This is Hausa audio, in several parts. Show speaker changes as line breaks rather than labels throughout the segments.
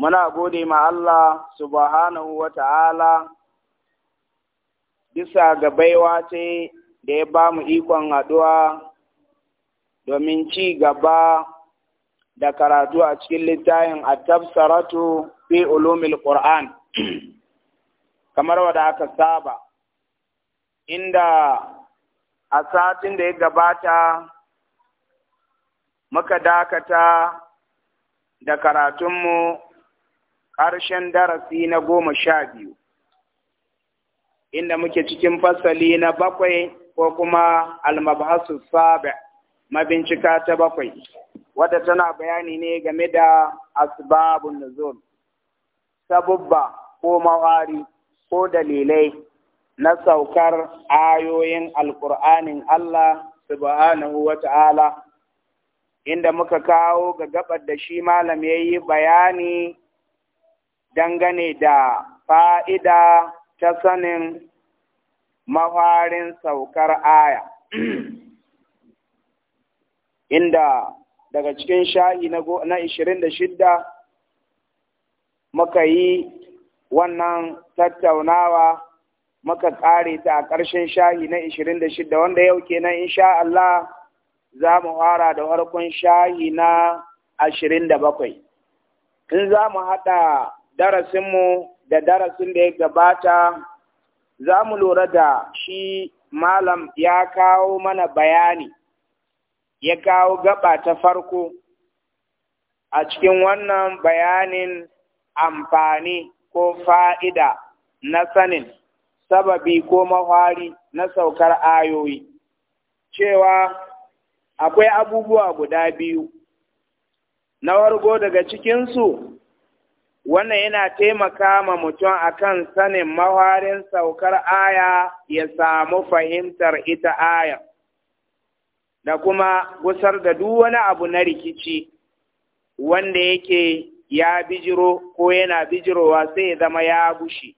muna gode ma Allah subhanahu wa ta'ala bisa ga baiwa ce da ya ba mu ikon haɗuwa domin ci gaba da karatu a cikin littafin a tafsaratu fi ulumil Qur'an kamar wadda aka saba inda a satin da ya gabata muka dakata da karatunmu harshen darasi na goma sha biyu inda muke cikin fasali na bakwai ko kuma almabhasu saba mabincika ta bakwai wadda tana bayani ne game da asbabun nuzul sabubba ko mawari ko dalilai na saukar ayoyin alkur'anin Allah subhanahu wa ta'ala inda muka kawo ga gabar da shi malam ya yi bayani dangane da fa'ida ta sanin mafarin saukar aya. Inda daga cikin sha'i na ishirin da shida muka yi wannan tattaunawa muka ƙare ta a ƙarshen sha'i na ishirin da shida, wanda yau kenan insha Allah za mu fara da farkon sha'i na ashirin da bakwai. In za mu haɗa darasinmu da darasin da ya gabata za mu lura da shi malam ya kawo mana bayani ya kawo gaba ta farko a cikin wannan bayanin amfani ko fa'ida na sanin sababi ko mahwari na saukar ayoyi cewa akwai abubuwa guda biyu na wargo daga cikinsu wannan yana taimaka ma mutum a kan sanin mawarin saukar aya ya samu fahimtar ita aya da kuma gusar da duk wani abu na rikici wanda yake ya bijiro ko yana bijirowa sai ya zama ya gushi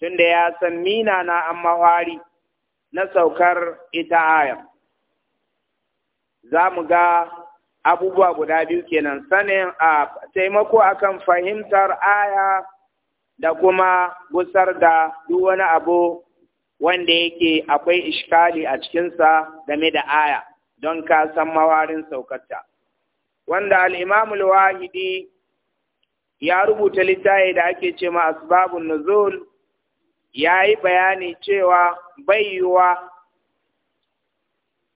tunda ya san mina na an mawari na saukar ita aya za mu ga abubuwa guda biyu kenan sanin a taimako akan fahimtar aya da kuma gusar da duk wani abu wanda yake akwai ishkali a cikinsa game da aya don ka san mawarin saukata. wanda al'imamul wahidi ya rubuta littafi da ake ce ma asbabun nuzul ya yi bayani cewa bayyuwa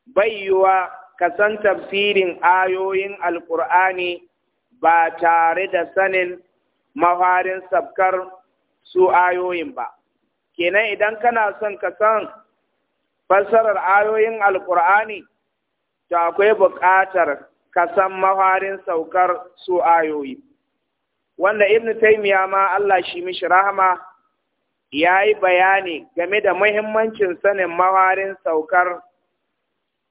bayyuwa Kasan tafsirin ayoyin alƙur'ani ba tare da sanin mafarin sabkar su ayoyin ba. Kenan idan kana son ka san fassarar ayoyin alƙur'ani, to akwai buƙatar ka san mafarin saukar su ayoyi. Wanda Ibn taimiya ma Allah shi mishi rahama ya yi bayani game da muhimmancin sanin mafarin saukar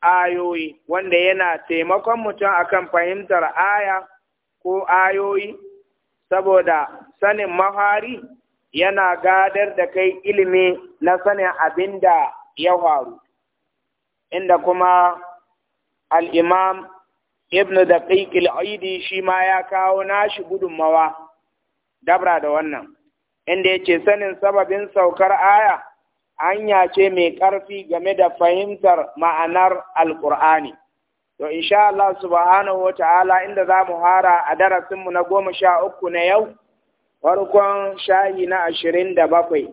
ayoyi wanda yana taimakon mutum akan fahimtar aya ko ayoyi saboda sanin mahari yana gadar da kai ilimi na sanin abin da ya faru inda kuma al'imam ibn da aidi shi ma ya kawo nashi gudunmawa dabra da wannan inda ya ce sanin sababin saukar aya hanya ce mai ƙarfi game da fahimtar ma'anar alƙur'ani. To, insha Allah subhanahu wa ta'ala inda za mu hara a darasinmu na goma sha uku na yau, farkon shayi na ashirin da bakwai,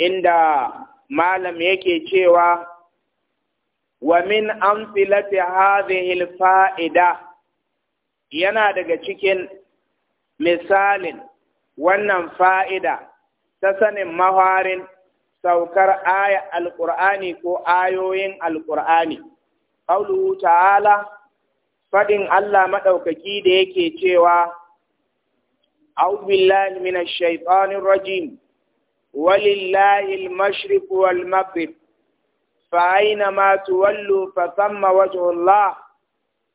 inda malam yake cewa, wa min an amsilati hadhihi fa'ida yana daga cikin misalin wannan fa'ida ta sanin maharin saukar aya alƙur'ani ko ayoyin alƙur'ani. Ƙaulu ta'ala faɗin Allah maɗaukaki da yake cewa, Aubillahi mina shaifanin rajim, walillahi mashriku wal maghrib fa aina ma tuwallu fa samma wajhullah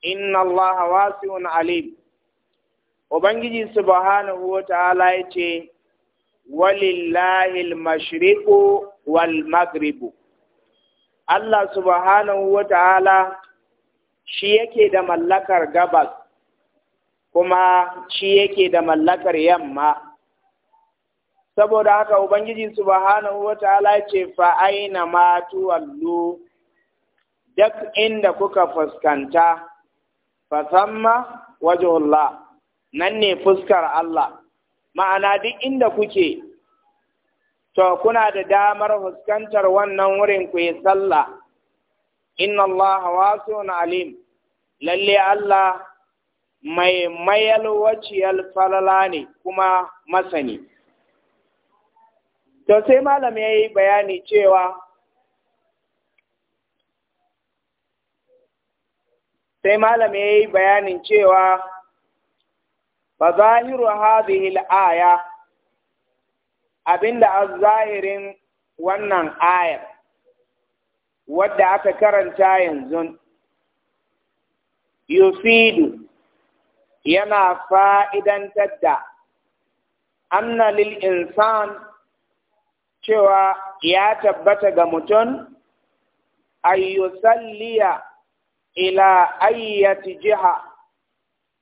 inna allaha wasi'un alim ubangiji subhanahu wa ta'ala yace walillahi al-mashriqu wal maghribu Allah subhanahu shi yake da mallakar gabas kuma shi yake da mallakar yamma saboda haka ubangiji subhanahu wataala ta'ala ce fa aina ma tuwallu duk inda kuka fuskanta fa samma wajhullah nan ne fuskar Allah ma'ana duk inda kuke to kuna da damar fuskantar wannan wurin ku yi sallah inna Allah wasi'un alim lalle Allah mai waciyal falala ne kuma masani to sai malam ya yi bayani cewa sai malam ya yi bayanin cewa fa zahiru hadhihi al-aya abinda azzahirin wannan ayar wadda aka karanta yanzu yufidu yana fa'idantar da anna lil insan cewa ya tabbata ga mutum ayyusalliya ila ayyati jiha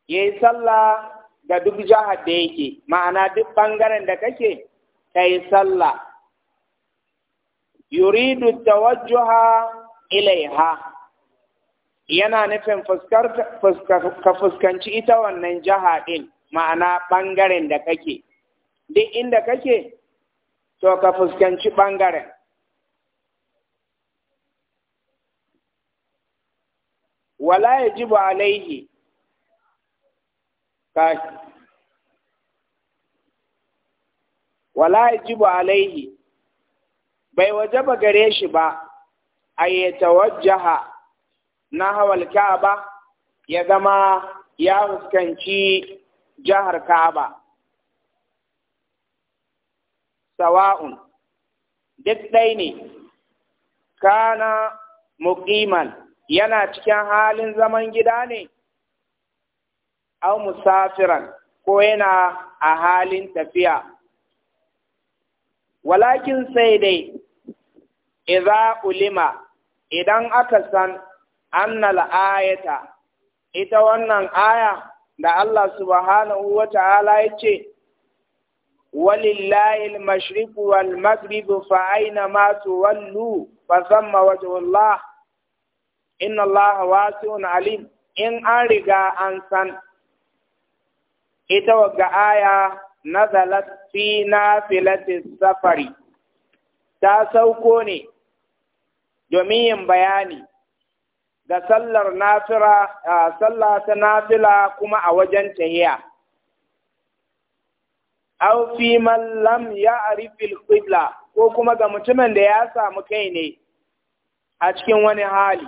ya yi sallah Da duk jihar da yake ma'ana duk ɓangaren da kake ka yi sallah yuridu tawajjuha ilaiha yana nufin ka fuskanci ita wannan jiha ɗin ma'ana ɓangaren da kake duk inda kake to ka fuskanci ɓangaren wala ya ji ba alaihi kashi wala yajibu alaihi bai wajaba gare shi ba ayyatawajjaha na hawal ka'aba ya zama ya fuskanci jihar kaba. sawa'un duk ɗai ne kana muqiman yana cikin halin zaman gida ne aw musafiran ko yana a halin tafiya walakin sai dai idza ulima idan aka san annal ayata ita wannan aya da Allah subhanahu wa ta'ala ya ce walillahi al-mashriq wal maghrib fa aina ma tuwallu fa thamma wajhullah inna allaha wasi'un alim in an riga an san ita ga aya na nazalat fi filatis safari ta sauko ne domin yin bayani ga sallar nafira sallar ta nafila kuma a wajen tahiya aw fi man lam ya'rif ko kuma ga mutumin da ya samu kai ne a cikin wani hali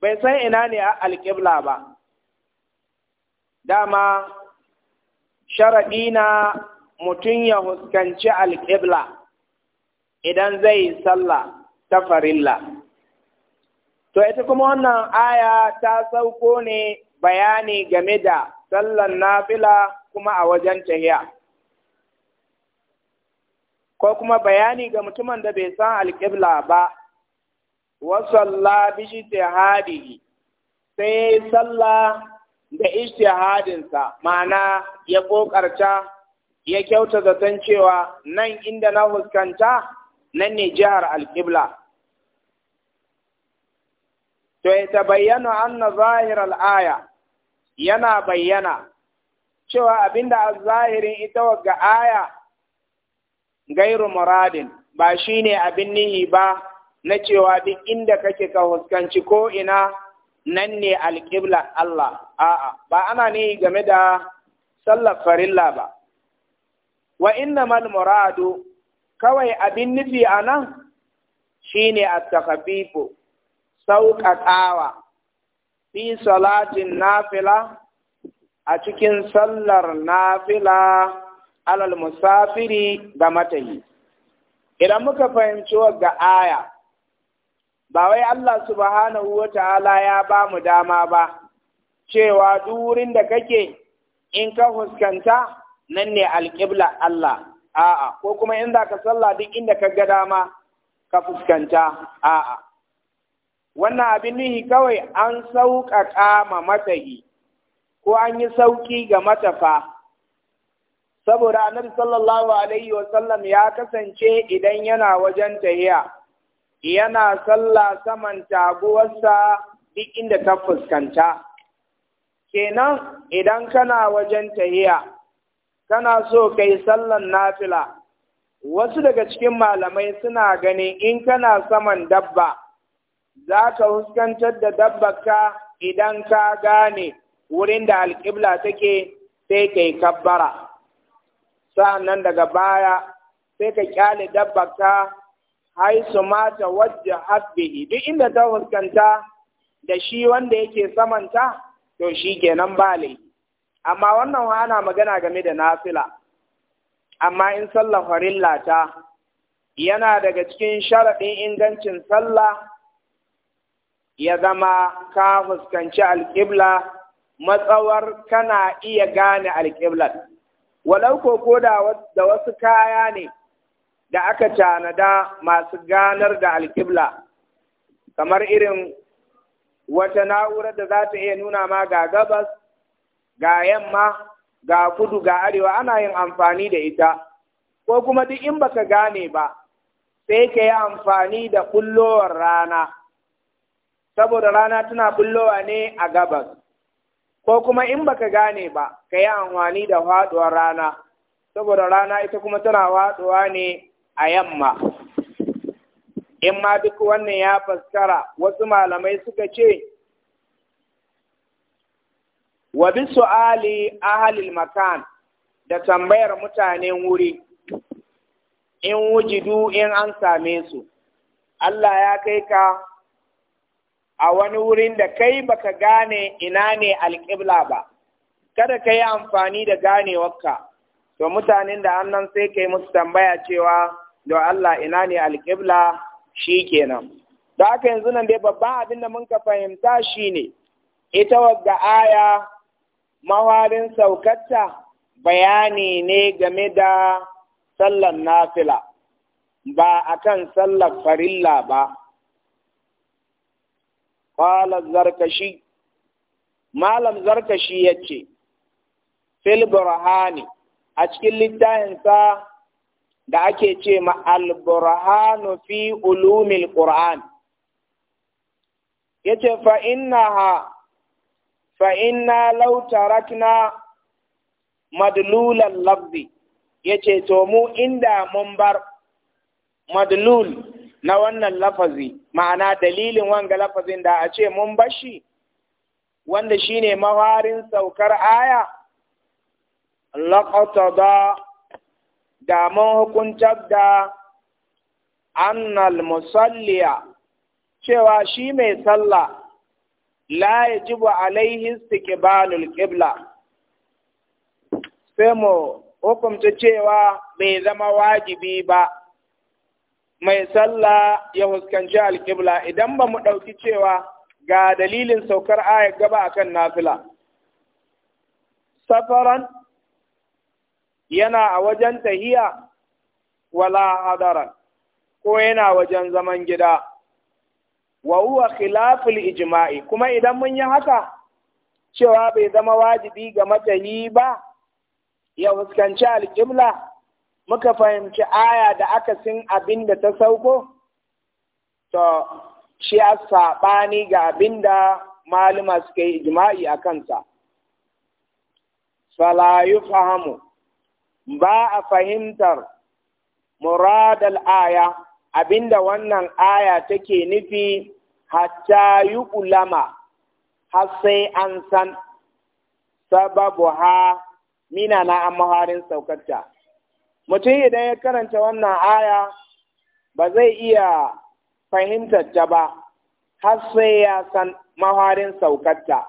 bai san ina ne al-qibla ba dama sharaɗi na mutum ya huskanci alƙibla idan zai yi sallah ta farilla. To, ita kuma wannan aya ta sauko ne bayani game da sallan nafila kuma a wajen tahiya. Ko kuma bayani ga mutumin da bai san alƙibla ba, Allah bishi sai sallah da ishtihadinsa ma'ana ya ƙoƙarta ya kyauta zaton cewa nan inda na fuskanta nan ne jihar alƙibla to ya bayyana anna zahir al'aya yana bayyana cewa abinda a zahirin ita wagga aya gairu muradin ba shine abin nihi ba na cewa duk inda kake ka huskanci ko'ina. nan ne alƙiblar Allah a'a ba ana ne game da sallar farilla ba wa mal muradu kawai abin nufi a nan Shi shine a takafifu, sauƙaƙawa fi salatin nafila a cikin sallar nafila alal musafiri ga matayi idan muka fahimci wa ga aya ba wai Allah subhanahu wa ta'ala ya ba mu dama ba, cewa duk wurin da kake in ka fuskanta nan ne alƙibla Allah, a'a, ko kuma in za ka sallah duk inda ka ga dama ka fuskanta, a'a. Wannan abin nihi kawai an sauƙaƙa ma matahi, ko an yi sauƙi ga matafa, saboda annabi sallallahu alaihi wasallam ya kasance idan yana wajen tahiya. yana sallah saman taguwarsa duk inda ta fuskanta kenan idan kana wajen tahiya kana so kai sallan nafila wasu daga cikin malamai suna gani in kana saman dabba za ka huskantar da dabbaka idan ka gane wurin da alƙibla take sai ka yi kabbara nan daga baya sai ka kyale dabbaka haisu mata wajja bihi duk inda ta fuskanta da shi wanda yake samanta to shi kenan ba amma wannan wa ana magana game da nafila amma in sallah farilla ta yana daga cikin sharaɗin ingancin sallah ya zama ka fuskanci alƙibla matsawar kana iya gane alƙiblar walau ko da wasu kaya ne da aka canada masu ganar da alkibla kamar irin wata na'urar da za ta iya nuna ma ga gabas ga yamma ga kudu ga arewa ana yin amfani da ita ko kuma duk in baka gane ba sai ka yi amfani da bullowar rana saboda rana tana bullowa ne a gabas ko kuma in baka gane ba ka yi amfani da faduwar rana saboda rana ita kuma tana watsuwa ne a yamma in ma duk wannan ya faskara wasu malamai suka ce wa bi su'ali ahalil makan da tambayar mutanen wuri in wujidu in an same su Allah ya kai ka a wani wurin da kai baka gane ina ne alƙibla ba kada ka yi amfani da ganewarka to mutanen da annan sai ka kai musu tambaya cewa don Allah ina ne alƙibla shi kenan. Da haka yanzu nan dai babban abin da mun ka fahimta shi ne, ita wadda aya mawarin saukatta bayani ne game da sallan nafila, ba a kan sallar farilla ba. Kwalar zarkashi, Malam zarkashi ya ce, Fil Burhani a cikin littafinsa da ake ce ma al-burhanu fi ulumil qur'an yace fa innaha fa inna law tarakna al lafzi yace to mu inda mun bar madlul na wannan lafazi ma'ana dalilin wanga lafazin da a ce mun bashi wanda shine mawarin saukar aya da. da mun hukuntar da annal musalliya cewa shi mai sallah la yajibu alaihi istiqbalul qibla sai mu hukumta cewa bai zama wajibi ba mai sallah ya fuskanci alƙibla idan ba mu ɗauki cewa ga dalilin saukar ayar gaba akan nafila safaran yana a wajen tahiya wala hadaran ko yana wajen zaman gida wa huwa khilaful ijma'i kuma idan mun yi haka cewa bai zama wajibi ga matani ba ya fuskanci alƙibla muka fahimci aya da akasin abin da ta sauko to shi a saɓani ga abin da malama suka yi ijma'i a kansa. Fala fahamu. ba a fahimtar muradal aya abinda wannan aya take nufi hatta yi ulama har sai an san sababu ha mina na amharin saukarta mutum idan ya karanta wannan aya ba zai iya fahimtar ta ba har sai ya san maharin saukarta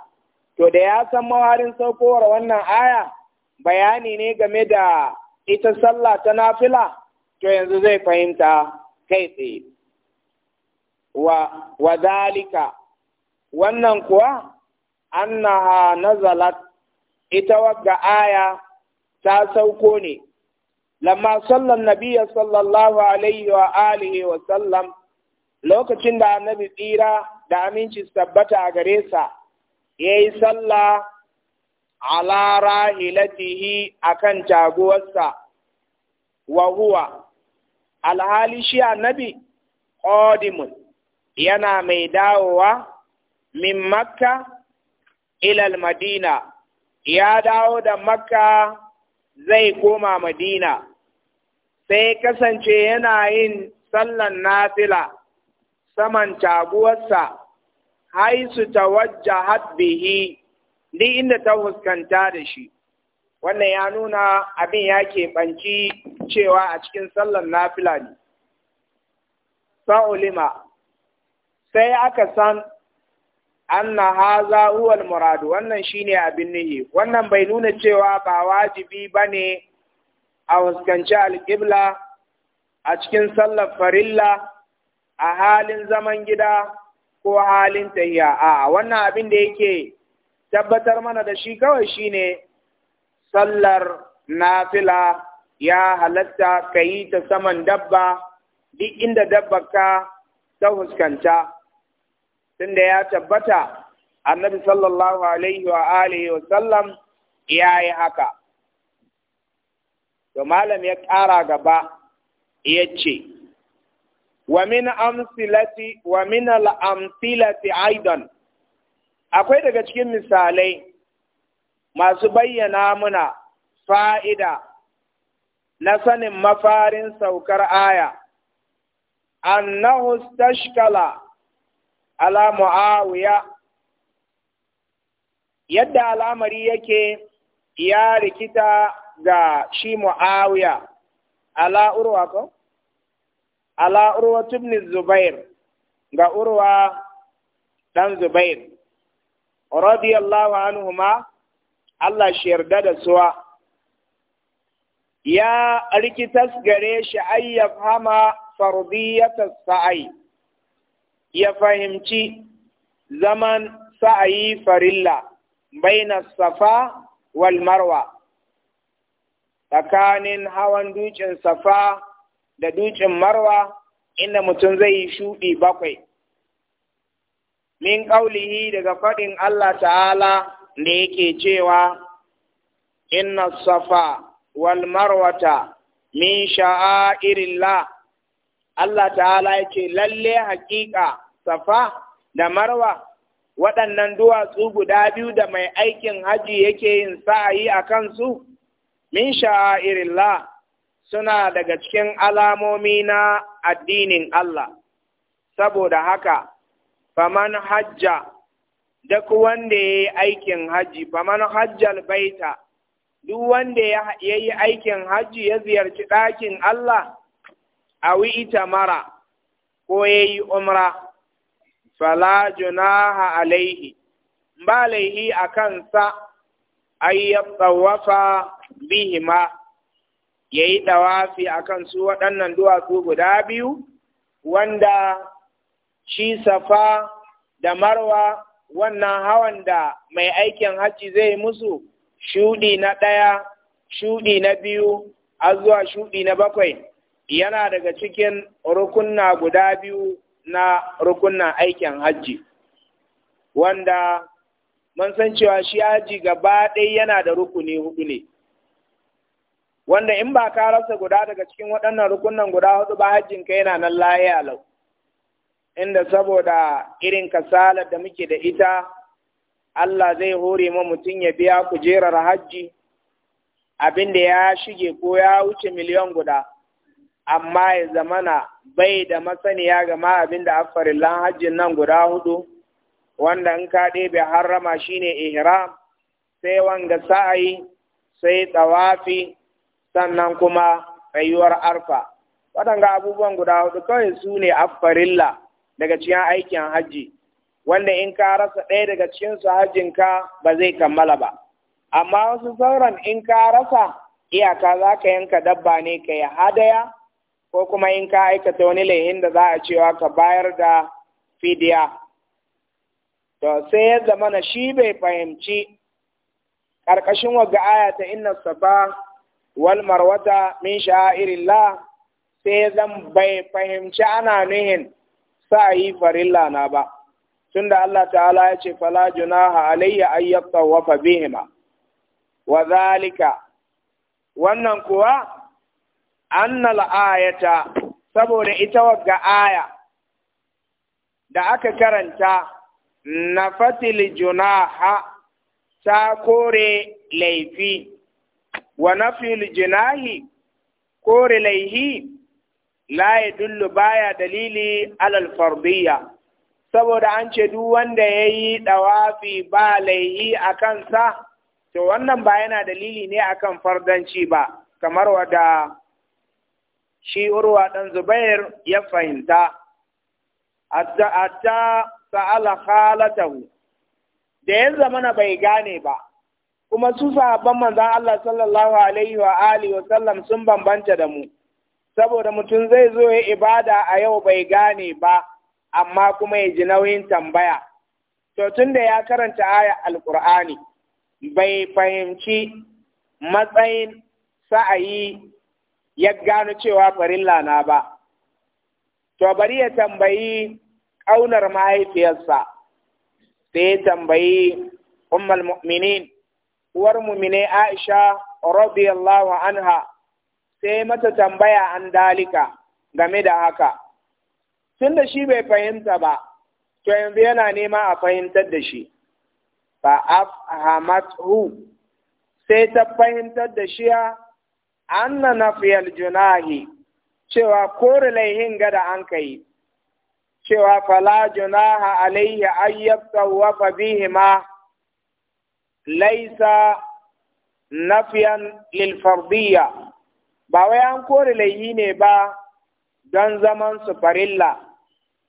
to da ya san maharin saukowar wannan aya bayani ne game da ita sallah ta nafila to yanzu zai fahimta kai tsaye wa dalika wannan kuwa annaha nazalat ita wagga aya ta sauko ne lamma sallan Nabiya sallallahu alaihi wa alihi wa sallam lokacin da annabi tsira da aminci tabbata a gare sa yayi sallah ala rahilatihi akan jagowarsa wa huwa alhali shi annabi qadimun yana mai dawowa min makka ilal madina ya dawo da makka zai koma madina sai kasance yana yin sallan nafila saman taguwarsa haisu tawajjahat bihi duk inda ta fuskanta da shi wannan ya nuna abin ya keɓanci cewa a cikin sallar nafila ne sa'ulima sai aka san anna haza huwal muradu wannan shine abin nihi wannan bai nuna cewa ba wajibi ba ne a fuskanci alƙibla a cikin sallar farilla a halin zaman gida ko halin tahiya a wannan abin da yake tabbatar mana da shi kawai shine sallar nafila ya halatta ka yi ta saman dabba duk inda dabba ka ta huskanta tunda ya tabbata annabi sallallahu alaihi wa alihi wa sallam ya yi haka to malam ya ƙara gaba ya ce wa min amsilati wa min al-amsilati aidan akwai daga cikin misalai masu bayyana muna fa'ida na sanin mafarin saukar aya, annahu tashkala ala mu'awiya yadda al'amari yake ya rikita ga shi mu'awiya ala urwa ko? ala urwa tubni zubair ga urwa dan zubair radiyallahu anhuma Allah shi yarda da suwa ya rikitas gare shi ayyaf hama fardiyatas ya fahimci zaman sa'ayi farilla baina safa wal marwa tsakanin hawan dukin safa da dukin marwa inda mutum zai yi shuɗi bakwai min ƙaulihi daga faɗin Allah ta'ala da yake cewa inna safa wal marwata min sha'airillah Allah ta'ala yake lalle hakika safa da marwa waɗannan duwatsu guda biyu da mai aikin haji yake yin sa'ayi a kansu min sha'airillah suna daga cikin alamomi na addinin Allah saboda haka faman hajja duk wanda ya yi aikin hajji faman hajjal baita duk wanda ya yi aikin hajji ya ziyarci ɗakin Allah a ita mara ko ya yi umra fala junaha alaihi ba laihi a kansa bihi ma. Ya yi ɗawafi a kansu waɗannan duwatsu guda biyu wanda shi safa da marwa wannan hawan da mai aikin hajji zai musu shuɗi na ɗaya shuɗi na biyu a zuwa shuɗi na bakwai yana daga cikin rukunna guda biyu na rukunna aikin hajji wanda mun san cewa shi aji gaba ɗaya yana da rukuni hudu ne wanda in ba ka rasa guda daga cikin waɗannan rukunan guda hudu ba hajjinka yana nan lahiya lau inda saboda irin kasalar da muke da ita Allah zai hore ma mutum ya biya kujerar hajji abinda ya shige ko ya wuce miliyan guda amma ya zamana bai da masaniya gama abin da affarillan hajjin nan guda hudu wanda in ka ɗebe harrama shine ihram sai wanga sa'ayi sai tsawafi sannan kuma rayuwar arfa waɗanga abubuwan guda hudu kawai su ne affarilla daga cikin aikin hajji wanda in ka rasa ɗaya daga cikin su hajjin ka ba zai kammala ba amma wasu sauran in ka rasa iyaka za ka yanka dabba ne ka yi hadaya ko kuma in ka aikata wani laihin da za a cewa ka bayar da fidiya to sai ya na shi bai fahimci ƙarƙashin waga aya ta inna safa wal marwata min sha'irillah sai zan bai fahimci ana nuhin sa'i farilla na ba tunda Allah ta'ala ya ce fala junaha alayya ayyata wa fa bihima wa zalika wannan kuwa annal ayata saboda ita wagga aya da aka karanta nafatil junaha ta kore laifi wa nafil junahi kore laihi la ya dullu baya dalili alal saboda an ce duk wanda ya yi ɗawafi ba laihi a kansa to wannan ba yana dalili ne akan fardanci ba kamar wada shi urwa ɗan zubair ya fahimta ta sa'ala khalatahu da ya zamana bai gane ba kuma su sahabban manzan Allah sallallahu alaihi wa alihi wa sallam sun bambanta da mu saboda mutum zai zo ya ibada a yau bai gane ba amma kuma ya ji nauyin tambaya to tunda ya karanta aya alkur'ani bai fahimci matsayin sa'ayi ya gano cewa farilla na ba to bari ya tambayi ƙaunar mahaifiyarsa sai ya tambayi ummul mu'minin uwar mu'mine Aisha radiyallahu anha sai mata tambaya an dalika game da haka tun da shi bai fahimta ba to yanzu yana nema a fahimtar da shi Ba a afhamathu sai ta fahimtar da shi anna nafiyal junahi cewa kore laihin gada an kai cewa fala junaha alayhi an bihi ma laisa nafiyan lil fardiyya ba wai an kore laihi ne ba don zaman su farilla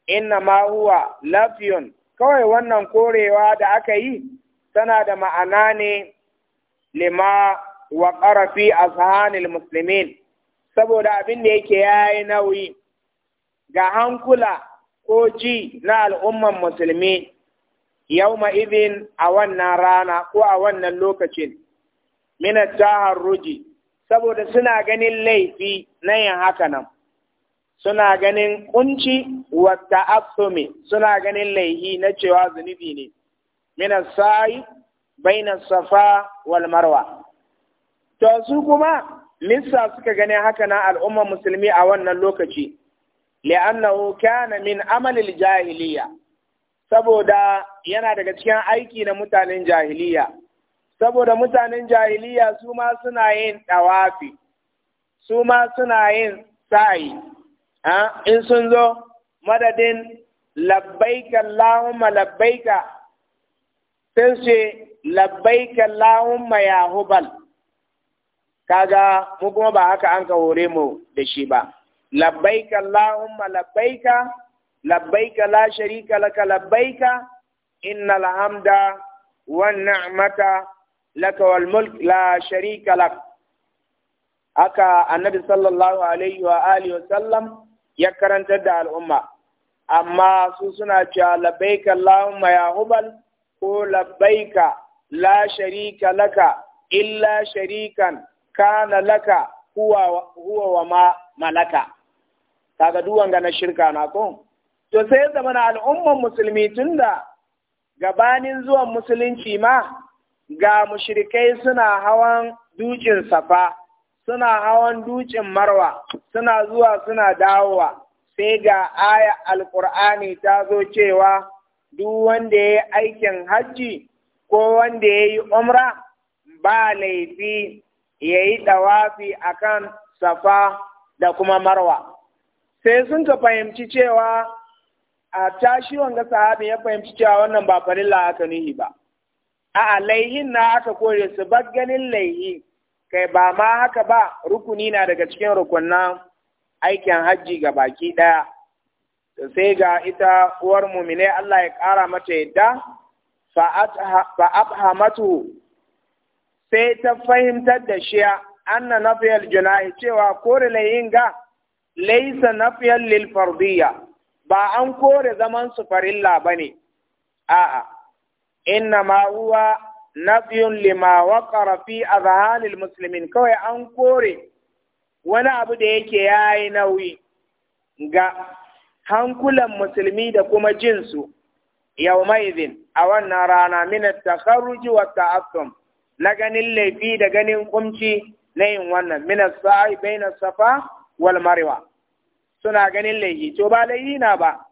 inna ma huwa lafiyun kawai wannan korewa da aka yi tana da ma'ana ne lima wa ƙarafi a sahanil musulmin saboda abin da yake yayi nauyi ga hankula ko ji na al'umman musulmi yauma izin a wannan rana ko a wannan lokacin minat taharruji saboda suna ganin laifi na yin haka nan suna ganin kunci wa ta'assumi suna ganin laifi na cewa zunubi ne min sa'i baina safa wal marwa to su kuma missa suka ganin haka nan al'ummar musulmi a wannan lokaci li'annahu kana min amalil jahiliya saboda yana daga cikin aiki na mutanen jahiliya saboda mutanen jahiliya su ma suna yin ɗawafi, su ma suna yin sa'i, in sun zo madadin labbaika Allahumma labbaika sai ce labbaika Allahumma ya hubal, kaga mu kuma ba haka an ka hore mu da shi ba, labbaika Allahumma labbaika, labbaika la sharika laka labbaika, inna alhamda wa ni'mata laka wal mulk la sharika lak aka annabi sallallahu alaihi wa alihi ya karantar da al'umma amma su suna cewa labbaika allahumma ya hubal ko labbaika la sharika laka illa sharikan kana laka huwa huwa wa ma malaka kaga duwan ga na shirka na ko to sai zamana al'umman musulmi tunda gabanin zuwan musulunci ma ga mushrikai suna hawan dukin safa suna hawan dukin marwa suna zuwa suna dawowa sai ga aya alkur'ani ta zo cewa duk wanda ya yi aikin hajji ko wanda ya yi umra ba laifi ya yi ɗawafi kan safa da kuma marwa sai sun ka fahimci cewa a tashi wanga sahabi ya fahimci cewa wannan ba farilla aka nihi ba a'a laihin na aka kore su ganin laihi kai ba ma haka ba rukuni na daga cikin rukunan aikin hajji ga baki ɗaya sai ga ita uwar mumine Allah ya ƙara mata yadda fa sai ta fahimtar da shiya anna nafiyal junahi cewa kore layin ga laisa nafiyar lil fardiyya ba an kore zaman su farilla ba bane a'a innama huwa nafyun lima waqara fi azhanil muslimin kawai an kore wani abu da yake yayi nauyi ga hankulan musulmi da kuma jinsu idin, a wannan rana min takharruji wa ta'assum na ganin laifi da ganin kumci na yin wannan min sa'i baina safa wal marwa suna ganin laifi to ba laifi na ba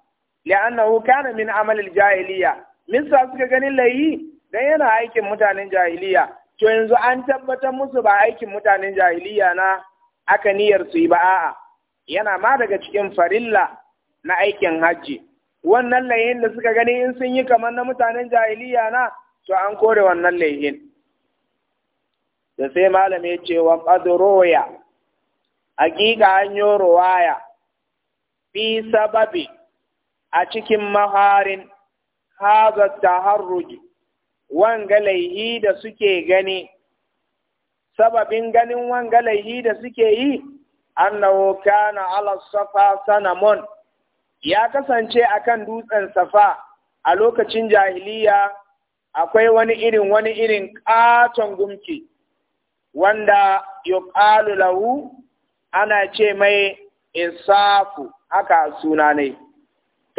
li'annahu kana min amalil jahiliya Mista suka ganin layi dan yana aikin mutanen jahiliya. To yanzu an tabbatar musu ba aikin mutanen jahiliya na aka niyyar su yi ba a'a. Yana ma daga cikin farilla na aikin hajji. Wannan layin da suka gani in sun yi kamar na mutanen jahiliya na to an kore wannan layin. Da sai malami ya ce wa qadroya hakika an yi ruwaya fi sababi a cikin maharin haza taharruji wanga laihi da suke gani sababin ganin wanga laihi da suke yi annahu kana ala safa sanamon ya kasance akan dutsen safa a lokacin jahiliya akwai wani irin wani irin katon gumki wanda yuqalu lahu ana ce mai isafu haka suna ne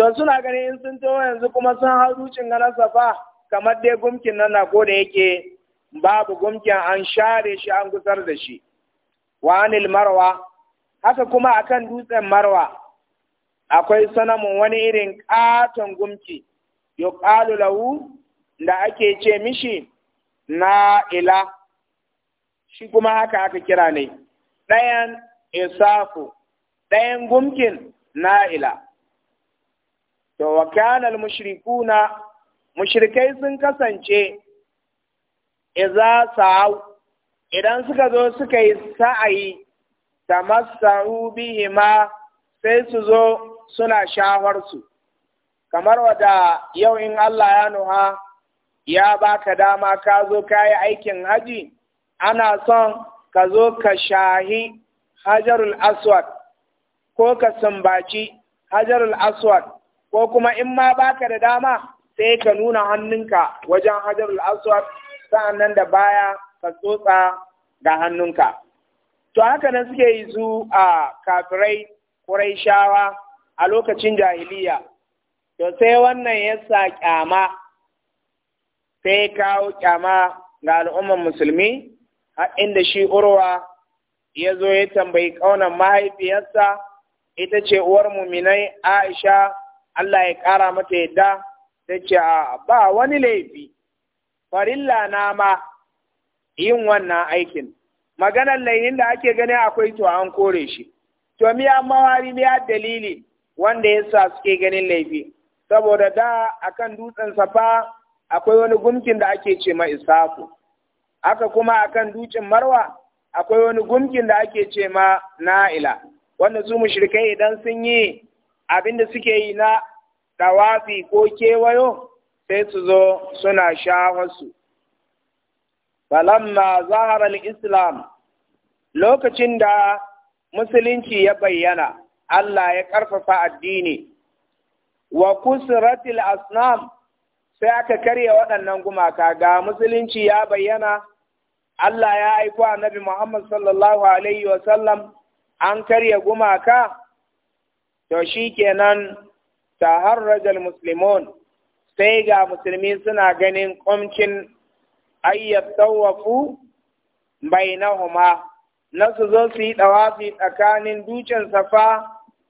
don suna ganin in sun taho yanzu kuma sun hau rucin na safa kamar dai gumkin nan na ko da yake babu gumkin an share shi an gusar da shi wa anil marwa haka kuma akan dutsen marwa akwai sanamun wani irin katon gumki yuqalu lahu da ake ce mishi na ila shi kuma haka aka kira ne ɗayan isafu ɗayan gumkin na ila to wa kana al mushrikuna mushrikai sun kasance iza sa'u idan suka zo suka yi sa'ayi tamassahu bihima sai su zo suna shawar su kamar wada yau in Allah ya nuha ya baka dama ka zo ka yi aikin haji ana son ka zo ka shahi hajarul aswad ko ka sumbaci hajarul aswad ko kuma in ma baka da dama sai ka nuna hannunka wajen hajarul aswad nan da baya ka tsotsa ga hannunka to haka nan suke yi su a kafirai ƙuraishawa a lokacin jahiliya to sai wannan ya sa kyama sai kawo kyama ga al'ummar musulmi inda shi urwa ya zo ya tambayi ƙaunar mahaifiyarsa ita ce uwar muminai aisha Allah ya ƙara mata yadda ta ce a ba wani laifi farilla na ma yin wannan aikin maganar laihin da ake gani akwai to an kore shi to miya mawari miya dalili wanda ya sa suke ganin laifi saboda da a kan dutsen safa akwai wani gumkin da ake ce ma isafu aka kuma a kan dutsen marwa akwai wani gumkin da ake ce ma na'ila wanda su mushrikai idan sun yi abinda suke yi na tawafi ko kewayo sai su zo suna shawarsu. Falamma zahar al’islam islam lokacin da Musulunci ya bayyana, Allah ya ƙarfafa addini, wa kusuratil asnam sai aka karya waɗannan gumaka ga Musulunci ya bayyana, Allah ya aiko a annabi Muhammad sallallahu Alaihi wasallam an karya gumaka to shi kenan taharrajal muslimun sai ga musulmi suna ganin kwamcin ayyar tsawafu bai na huma na su zo su yi ɗawafi tsakanin dukin safa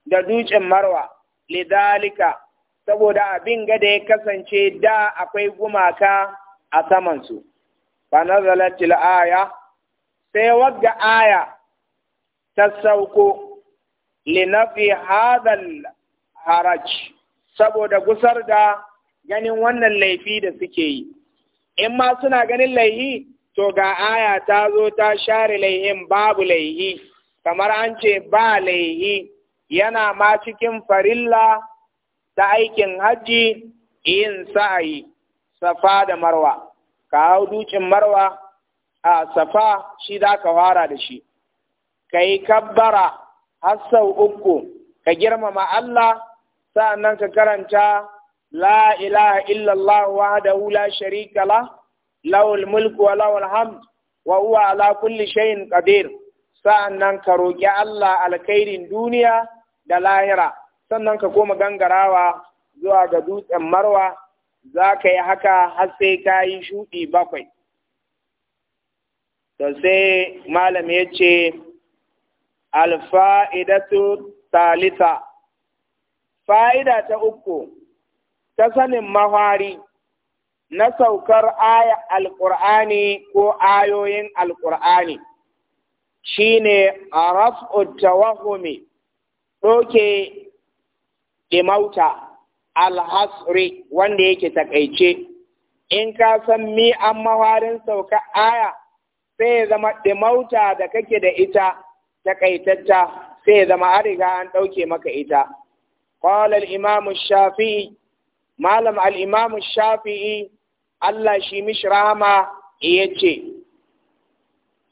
da dukin marwa lidalika saboda abin gada ya kasance da akwai gumaka a samansu fa nazalatil aya sai wagga aya ta sauko linafi hadal haraj saboda gusar da ganin wannan laifi da suke yi in ma suna ganin laihi to ga aya ta zo ta share laihin babu laihi kamar an ce ba laihi yana ma cikin farilla ta aikin hajji yin sa'ayi safa da marwa ka hau dukin marwa a safa shi za ka fara da shi ka yi kabbara har sau uku ka girmama Allah sa'annan ka karanta la illallah wahdahu hula sharika la lawal mulku wa lahul hamd wa huwa ala kulli shay'in qadir sa'annan ka roƙi Allah alkhairin duniya da lahira sannan ka koma gangarawa zuwa ga dutsen marwa za ka yi haka har sai ka yi shuɗi bakwai. To sai malam ya ce, alfa'idatu talita fa'ida ta uku ta sanin mahari, na saukar aya alƙur'ani ko ayoyin alƙur'ani shine raf'ut tawahumi ɗoke imauta alhasri wanda yake takaice in ka san mi an mawarin sauka aya sai ya zama ɗimauta da kake da ita takaitacca sai ya zama an an ɗauke maka ita. Qala al-Imam Shafi'i Malam al-Imam Shafi'i Allah shi mishi yace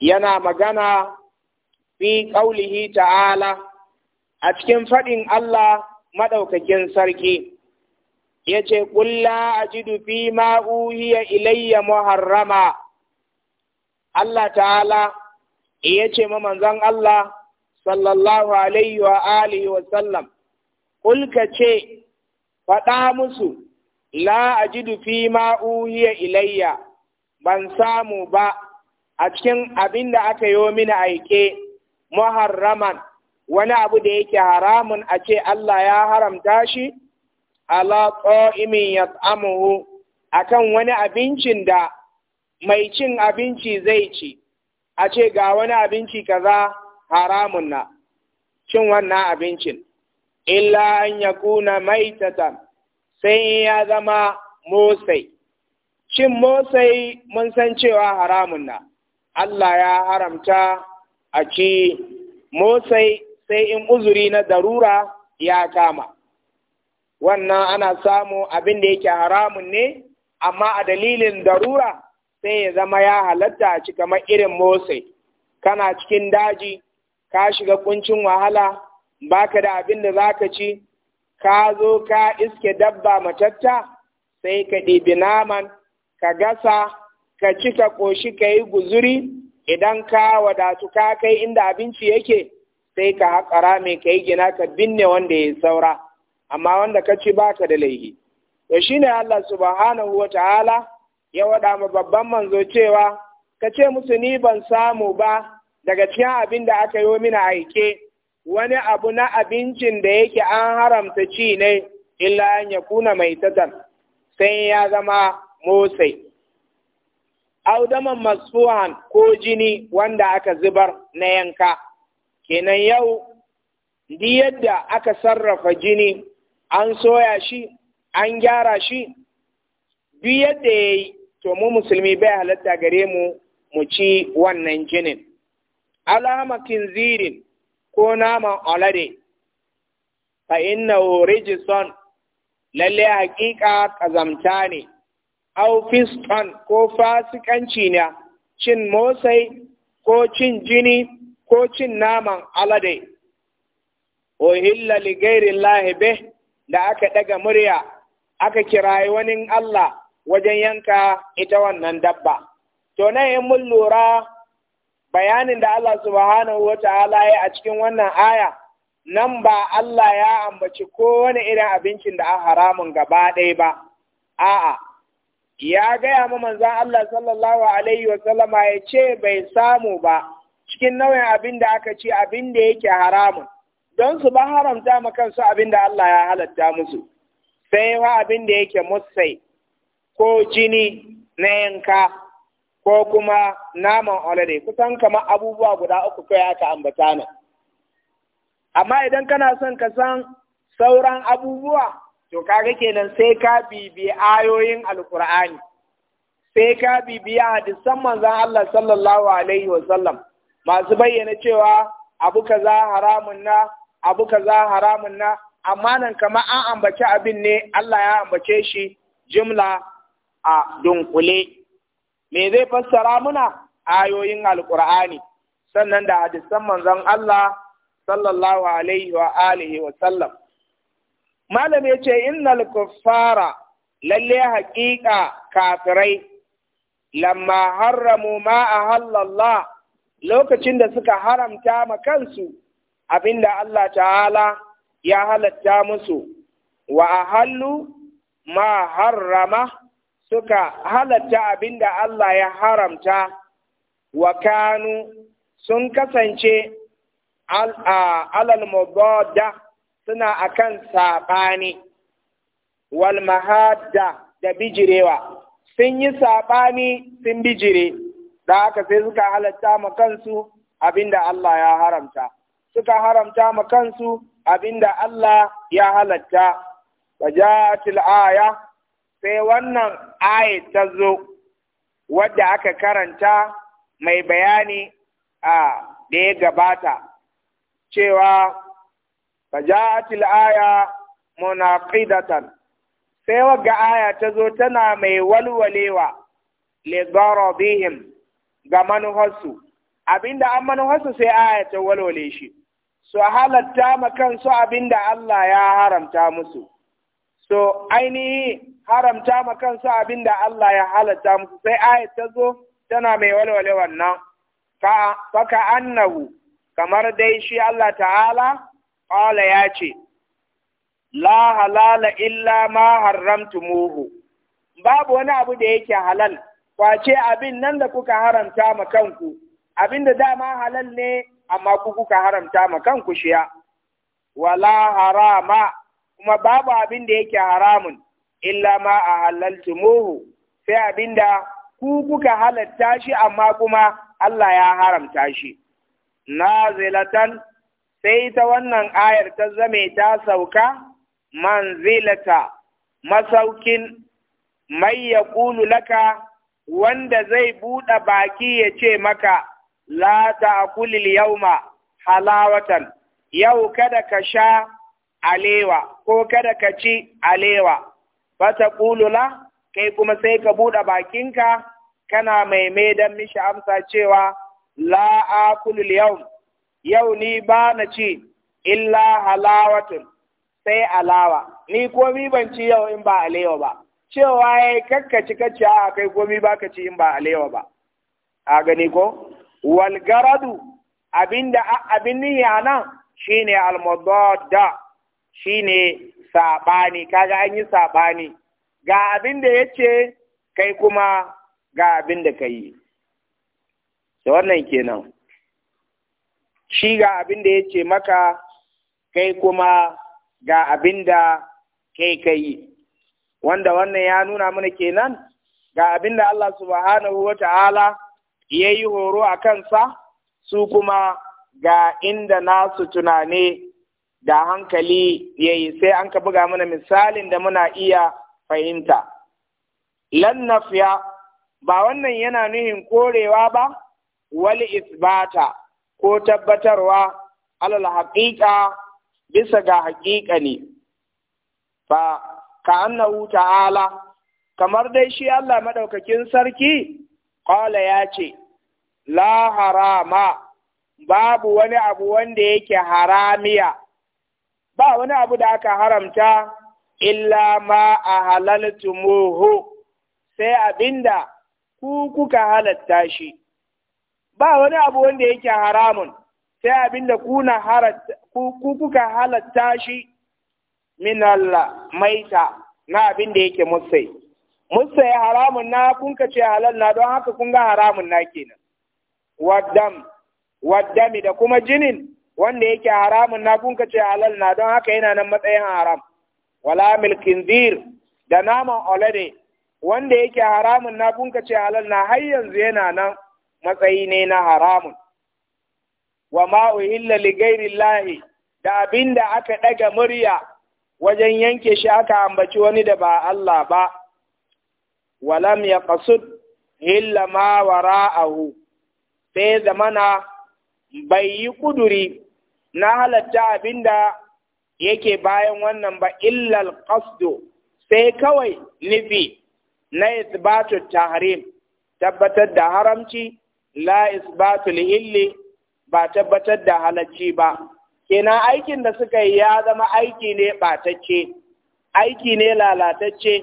yana magana fi qaulihi ta'ala a cikin faɗin Allah maɗaukakin sarki yace ƙulla a ajidu fi ma uhiya ilayya muharrama Allah ta'ala iya ce ma manzon Allah sallallahu alaihi wa alihi wa sallam kulka ce faɗa musu la ji fi ma uhiya ilayya ban samu ba a cikin abin da aka yo mini aike muharraman wani abu da yake haramun a ce Allah ya haramta shi ala tsamuhu a akan wani abincin da mai cin abinci zai ci a ce ga wani abinci kaza haramun na cin wannan abincin illa an ya kuna maitatan sai ya zama mosai cin motsai mun san cewa haramun na Allah ya haramta a ci motsai sai in uzuri na darura ya kama wannan ana samu abin da yake haramun ne amma a dalilin darura sai ya zama ya halatta a ci kamar irin motsa kana cikin daji ka shiga kuncin wahala baka da abin da za ka ci ka zo ka iske dabba matatta sai ka ɗibi naman ka gasa ka ci ka ƙoshi ka yi guzuri idan ka wadatu ka kai inda abinci yake sai ka haƙara rami ka yi gina ka binne wanda ya saura amma wanda ka ci baka da laihi to ne Allah subhanahu wa ta'ala ya waɗa ma babban manzo cewa ka ce musu ni ban samu ba daga cikin abin da aka yi mini aike wani abu na abincin da yake an haramta ci ne illa ya kuna mai tatar sai ya zama motsai audaman masfuhan ko jini wanda aka zubar na yanka kenan yau di yadda aka sarrafa jini an soya shi an gyara shi duk yadda ya yi to mu musulmi bai halatta gare mu mu ci wannan jinin alama kinzirin ko naman alade fa inna rijison lalle haƙiƙa ƙazamta ne au fiston ko fasikanci ne cin motsai ko cin jini ko cin naman alade hilla ligairin lahibe da aka ɗaga murya aka kirayi wani Allah wajen yanka ita wannan dabba. To na in mun lura bayanin da Allah subhanahu wa ta'ala ya a cikin wannan aya, nan ba Allah ya ambaci kowane irin abincin da an haramun gaba ɗaya ba, a'a, ya gaya ma manzan Allah sallallahu Alaihi wasallama ya ce bai samu ba cikin nauyin abin da aka ce abin da yake haramun, don su ba haramta ma kansu abin da Allah ya halatta musu, sai wa abin da yake musai. ko jini na yanka ko kuma naman alade kusan kamar abubuwa guda uku kai aka ambata nan amma idan kana son ka san sauran abubuwa to kaga kenan sai ka bibi ayoyin alkur'ani sai ka bibiya hadisan manzon Allah sallallahu alaihi wa sallam masu bayyana cewa abu kaza haramun na abu kaza haramun na amma nan kama an ambaci abin ne Allah ya ambace shi jumla a dunkule me zai fassara muna ayoyin alkur'ani sannan da hadisan manzon Allah sallallahu alaihi wa alihi wa sallam malam ya ce innal kuffara lalle haƙiƙa kafirai lamma haramu ma ahallallah lokacin da suka haramta ma kansu abin da Allah ta'ala ya halatta musu wa ahallu ma harrama suka halatta da Allah ya haramta wa kanu sun kasance alal mubada suna akan saɓani wal mahadda da bijirewa sun yi saɓani sun bijire da haka sai suka halatta ma kansu abinda Allah ya haramta suka haramta ma kansu abinda Allah ya halatta wajatil aya sai wannan aye ta zo wadda aka karanta mai bayani a da ya gabata cewa faja'atil aya munaqidatan sai wagga aya ta zo tana mai walwalewa li bihim ga manuharsu abinda an manuharsu sai aya ta walwale shi su halatta ma kansu abinda Allah ya haramta musu so ainihi haramta ma kansa abin da Allah ya halatta musu sai ayat ta zo tana mai walwale wannan fa faka annahu kamar dai shi Allah ta'ala qala ya ce la halala illa ma haramtumuhu babu wani abu da yake halal kwace abin nan da kuka haramta ma kanku abin da dama halal ne amma ku kuka haramta ma kanku shiya wala harama kuma babu abin da yake haramun illa ma a halaltumuhu sai abinda ku kuka halatta shi amma kuma Allah ya haramta shi Na nazilatan sai ta wannan ayar ta zame ta sauka man manzilata masaukin mai ya laka wanda zai buɗe baki ya ce maka la ta'kulil yawma halawatan yau kada ka sha alewa ko kada ka ci alewa Bata ƙulula kai kuma sai ka buɗe bakinka kana mai maidan mishi amsa cewa la akulu yau yau ni ba na ci illa halawatun sai alawa ni komi ban ci yau in ba alewa ba cewa ya kakkaci kacce a kai komi ba ka ci in ba alewa ba a gani ko walgaradu abinda abin niyya nan shine al-mudadda shine saɓani kaga an yi saɓani ga abin da ya ce kai kuma ga abin da ka yi da wannan kenan shi ga abin da ya ce maka kai kuma ga abin da kai ka yi wanda wannan ya nuna mana kenan ga abin da Allah subhanahu wa ta'ala ya yi horo a kansa su kuma ga inda nasu tunane da hankali ya yi sai an ka buga mana misalin da muna iya fahimta Lannafiya. ba wannan yana nuhin korewa ba wal isbata ko tabbatarwa alal haƙiƙa bisa ga haƙiƙa ne Ba ka annahu ta'ala kamar dai shi Allah maɗaukakin sarki ƙwala ya ce la harama babu wani abu wanda yake haramiya ba wani abu da aka haramta illa ma a halaltumuhu sai abinda ku kuka halatta shi ba wani abu wanda yake haramun sai abinda kuna halatta ku kuka halatta shi min Allah maita na abinda yake musai musai haramun na kun ka ce halal na don haka kun ga haramun na kenan waddam waddami da kuma jinin wanda yake haramun na kunka ce halal na don haka yana nan matsayin haram wala milkin zir da naman olade wanda yake haramun na kunka ce halal na har yanzu yana nan matsayi ne na haramun wa ma uhilla li ghairi da abinda aka daga murya wajen yanke shi aka ambaci wani da ba Allah ba walam yaqsud illa ma wara'ahu sai zamana bai yi kuduri na halatta abin abinda yake bayan wannan ba illal qasdu sai kawai nufi na isbatu tahrim tabbatar da haramci la isbatu hilli ba tabbatar da halacci ba kenan aikin da suka yi ya zama aiki ne batacce aiki ne lalatacce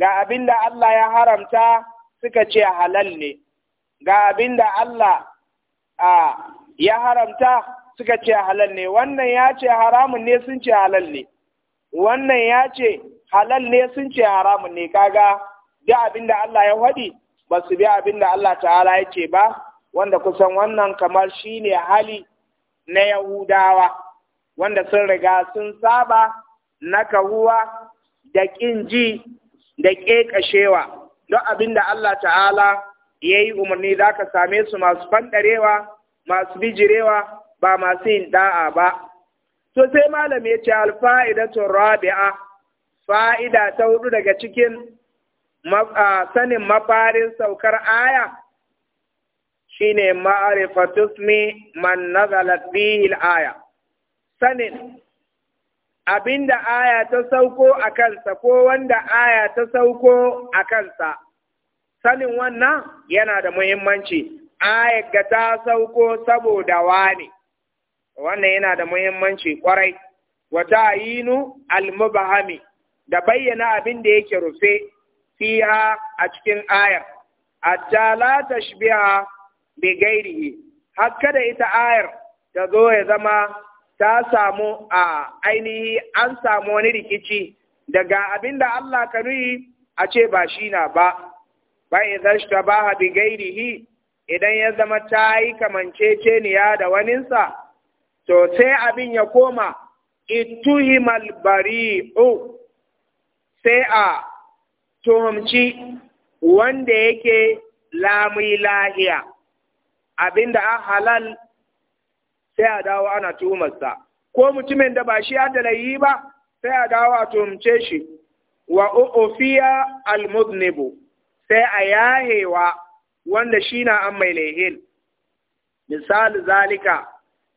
ga abin da Allah ya haramta suka ce halal ne ga abin da Allah ya haramta suka ce halal ne wannan ya ce haramun ne sun ce halal ne wannan ya ce halal ne sun ce haramun ne kaga da abin da Allah ya hadi ba su bi abin da Allah ta'ala ya ce ba wanda kusan wannan kamar shi ne hali na Yahudawa wanda sun riga sun saba na kahuwa da ƙin ji da ƙeƙashewa don abin da Allah ta'ala ya yi umarni za ka same su masu fanɗarewa masu bijirewa ba masu yin da'a ba to sai malam ya ce alfa'idatun rabi'a fa'ida ta hudu daga cikin sanin mafarin saukar aya shine ma'arifa tusmi man nazalat bihi aya sanin abinda aya ta sauko a kansa ko wanda aya ta sauko a kansa sanin wannan yana da muhimmanci aya ga ta sauko saboda ne. wannan yana da muhimmanci kwarai wa ta'inu al-mubahami da bayyana abin da yake rufe fiha a cikin ayar hatta la tashbiha bi ghairihi hakka da ita ayar ta zo ya zama ta samu a ainihi an samu wani rikici daga abin da Allah ka nuyi a ce ba shi na ba ba idan shtabaha bi ghairihi idan ya zama ta yi kamanceceniya da waninsa to sai abin ya koma ittuhimal bari'u sai a tuhumci wanda yake lamai lahiya da a halal sai a dawo ana tuhumarsa ko mutumin da ba shi da yi ba sai a dawo a tuhumce shi wa ofiya almuznibu sai a yahewa wanda shi na an mai lehil misali zalika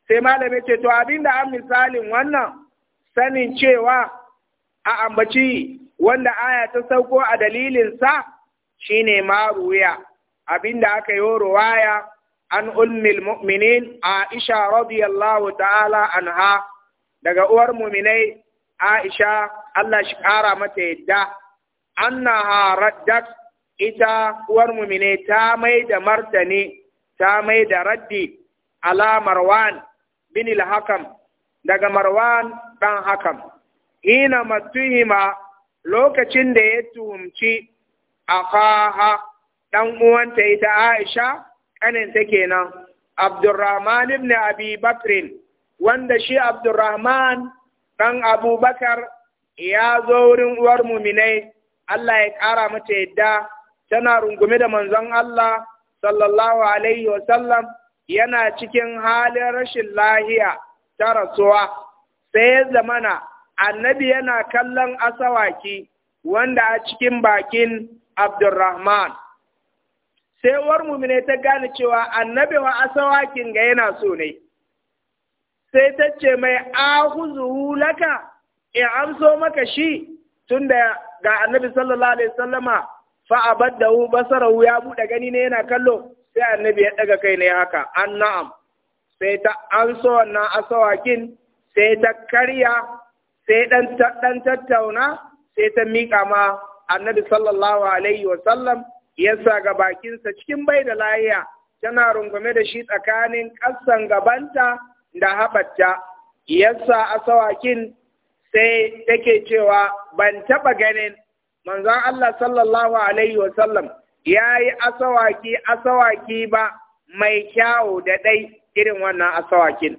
sai malami ce to abin da an misalin wannan sanin cewa a ambaci wanda aya ta sauko a dalilin sa shine maruya da aka yi ruwaya an ummil mu'minin Aisha radiyallahu ta'ala anha daga uwar muminai Aisha Allah shi ƙara mata yadda annaha raddat ita uwar muminai ta mai da martani ta mai da raddi ala Marwan bin al-hakam daga marwan dan hakam ina matuhima lokacin da ya tuhumci ha. dan uwanta ita Aisha kanin ta kenan Abdurrahman ibn Abi Bakr wanda shi Abdurrahman dan Abubakar ya zo wurin uwar muminai Allah ya ƙara mata yadda tana rungume da manzon Allah sallallahu alaihi wa sallam yana cikin halin rashin lahiya ta rasuwa sai ya zamana annabi yana kallon asawaki wanda a cikin bakin abdurrahman sai war mumine ta gane cewa annabi wa asawakin ga yana so ne sai ta ce mai ahuzuhu laka in amso maka shi tunda ga annabi sallallahu alaihi wasallama fa abaddahu basarahu ya bude gani ne yana kallo sai annabi ya daga kai ne haka an na'am sai ta an so wannan asawakin sai ta karya sai dan dan tattauna sai ta mika ma annabi sallallahu alaihi wa sallam yasa ga bakinsa cikin bai da lahiya tana rungume da shi tsakanin ƙasan gabanta da haɓata yasa asawakin sai take cewa ban taɓa ganin manzon Allah sallallahu alaihi wa sallam ya yi asawaki asawaki ba mai kyawu da ɗai irin wannan asawakin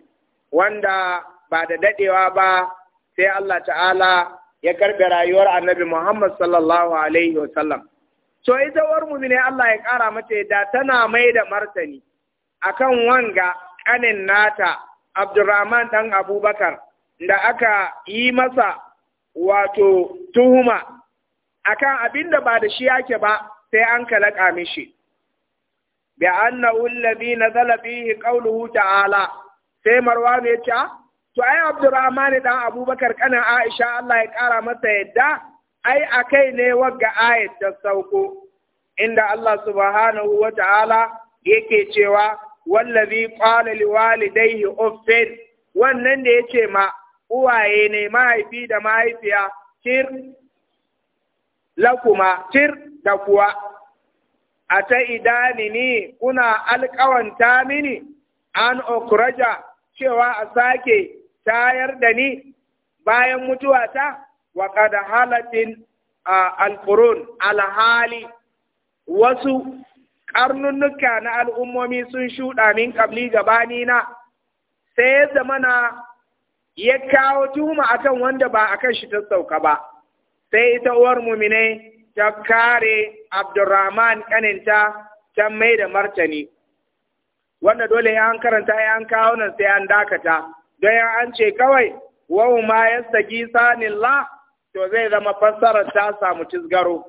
wanda ba da daɗewa ba sai Allah ta'ala ya karɓi rayuwar annabi Muhammad sallallahu alaihi wasallam. To ita war ne Allah ya ƙara mata da tana mai da martani akan wanga ƙanin nata Abdurrahman ɗan Abubakar da aka yi masa wato tuhuma akan abin da ba da shi yake ba sai an kalaka mishi bi na alladhi nazala bihi qawluhu ta'ala sai marwan ya ce ah, to ai abdurrahman dan abubakar kana aisha Allah ya kara masa yadda ai akai ne wagga ayat ta sauko inda Allah subhanahu wa ta'ala yake cewa wallazi qala liwalidayhi uffin wannan da yace ma uwaye ne mahaifi da mahaifiya tir lakuma tir da kuwa a ta idanini kuna alkawanta mini an okuraja cewa a sake tayar da ni bayan mutuwata wa kada halatin alkurun alhali wasu ƙarnunnuka na al'ummomi sun shuɗa min ƙabli na. sai ya zamana ya kawo tuhuma akan wanda ba a akan shi ta sauka ba sai ita uwar mumine ta kare Abdurrahman ƙaninta ta mai da martani. Wanda dole ya an karanta ya an kawo nan sai an dakata, don ya an ce kawai, wau ma ya sagi la", to zai zama fassarar ta samu cizgaro.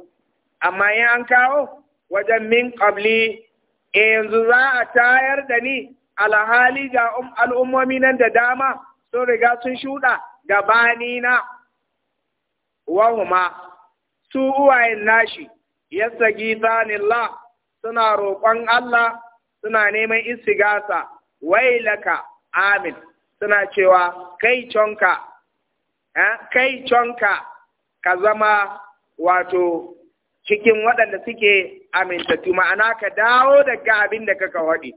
Amma ya an kawo wajen min ƙabli, e eh, yanzu za a tayar da ni alhali ga um-, al'ummomi nan da dama sun riga sun shuɗa gabani na wahuma su uwayen nashi yastaghithani Allah suna roƙon Allah suna neman istigasa wailaka amin suna cewa kai conka eh, kai conka ka zama wato cikin waɗanda suke amintattu ma'ana ka dawo daga abin da kaka waɗi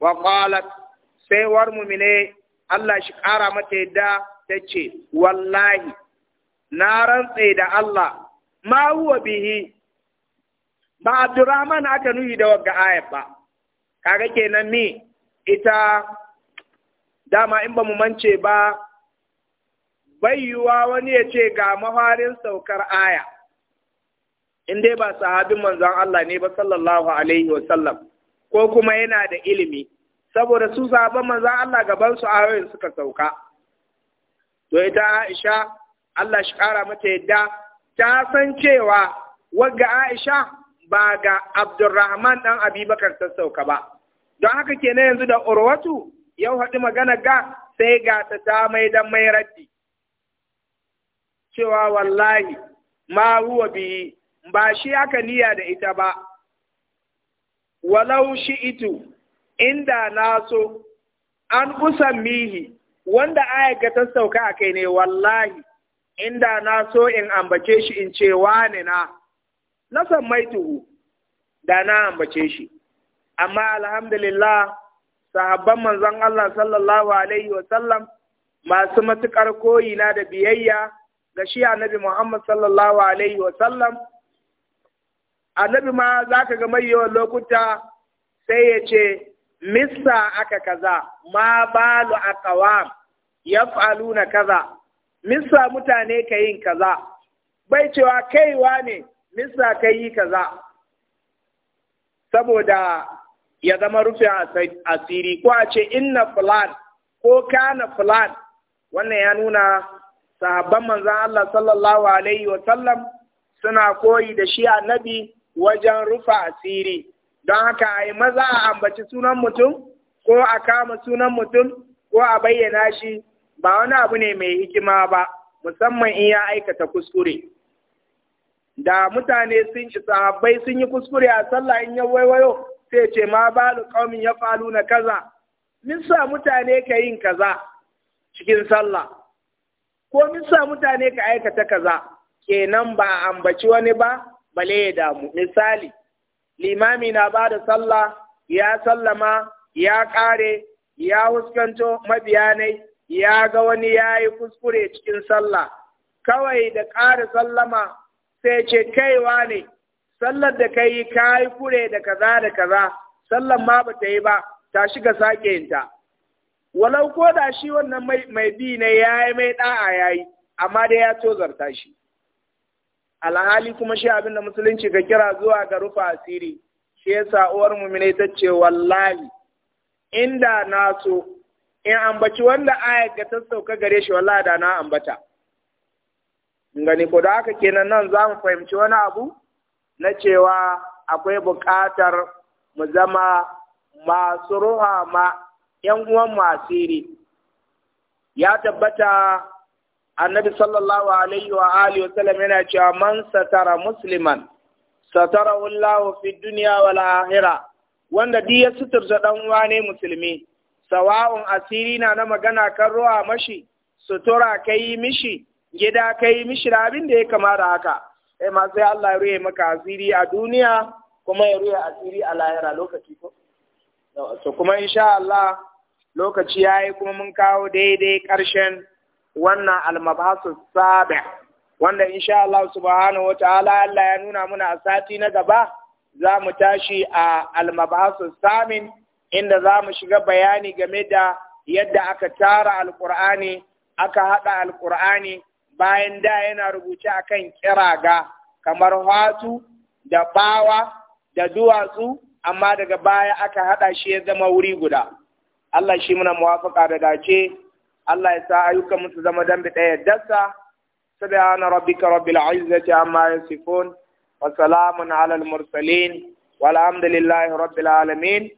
wa qalat sai war mine Allah shi ƙara mata yadda ta ce wallahi na rantse da Allah ma huwa bihi ba Abdurrahman aka nuhi da wagga ayat ba kaga kenan ni ita dama in ba mu mance ba bayyuwa wani ya ce ga mafarin saukar aya in dai ba sahabin manzon Allah ne ba sallallahu alaihi wa sallam ko kuma yana da ilimi saboda su sahabban manzon Allah gaban su ayoyin suka sauka to ita Aisha Allah shi kara mata yadda ta san cewa wagga Aisha ba ga Abdurrahman ɗan Abibakar ta sauka ba. Don haka ke na yanzu da Urwatu yau haɗu magana ga sai ga ta ta mai dan mai raddi. Cewa wallahi ma huwa biyi ba shi aka niya da ita ba. Walau shi itu inda na so an kusan mihi wanda aya ta sauka a kai ne wallahi inda na so in ambace shi in ce wane na na san maituhu da na ambace shi amma alhamdulillah sahabban manzon Allah sallallahu alaihi wa sallam masu matukar koyi na da biyayya ga shi annabi Muhammad sallallahu alaihi wa sallam annabi ma zaka ga mai yawan lokuta sai ya ce Mista aka kaza ma balu aqwam yaf'aluna kaza misa mutane ka yin kaza bai cewa kaiwa ne misa ka yi kaza saboda ya zama rufe asiri ko a ce inna fulan ko kana fulan wannan ya nuna sahabban manzan Allah sallallahu alaihi wa sallam suna koyi da shi annabi wajen rufe asiri don haka a yi maza a ambaci sunan mutum ko a kama sunan mutum ko a bayyana shi ba wani abu ne mai hikima ba musamman in ya aikata kuskure da mutane sun ci sahabbai sun yi kuskure a sallah in ya waiwayo sai ce ma ya qaumin na kaza min sa mutane ka yin kaza cikin sallah ko min sa mutane ka aikata kaza kenan ba ambaci wani ba bale ya damu misali limami na ba da sallah ya sallama ya kare ya huskanto mabiyanai ya ga wani ya yi kuskure cikin sallah kawai da ƙara sallama sai ce kaiwa ne sallar da ka yi ka yi kure da kaza da kaza sallar ma ba ta yi ba ta shiga sake yinta. walau ko da shi wannan mai bi ne ya yi mai ɗa'a ya yi amma dai ya tozarta shi alhali kuma shi abin da musulunci ka kira zuwa ga rufa asiri shi sa uwar mu ta ce wallahi inda na so in ambaci wanda ayat ga ta gare shi wallahi da na ambata gani ko da haka kenan nan za mu fahimci wani abu na cewa akwai buƙatar mu zama masu ruha ma ‘yan uwan masiri ya tabbata annabi sallallahu alaihi wa alihi wasallam yana cewa man satara musliman satara wallahu fi duniya wal akhirah wanda duk ya suturta dan uwa ne musulmi sawa'un asiri na na magana kan ruwa mashi sutura ka yi mishi gida ka yi mishi da abin da ya kama da haka eh ma sai Allah ya ruye maka asiri a duniya kuma ya ruye asiri a lahira lokaci ko to kuma insha Allah lokaci yayi kuma mun kawo daidai karshen wannan almabasu sabi wanda insha Allah subhanahu wataala Allah ya nuna muna a sati na gaba za mu tashi a almabasu samin inda za mu shiga bayani game da yadda aka tara alkur'ani aka haɗa alkur'ani bayan da yana rubuce a kan kiraga kamar hatu da bawa da duwatsu amma daga baya aka haɗa shi ya zama wuri guda Allah shi muna muwafaka da dace Allah ya sa ayyukan musu zama dambe ɗaya dasa سبحان ربك رب العزة عما يصفون وسلام على المرسلين والحمد لله رب العالمين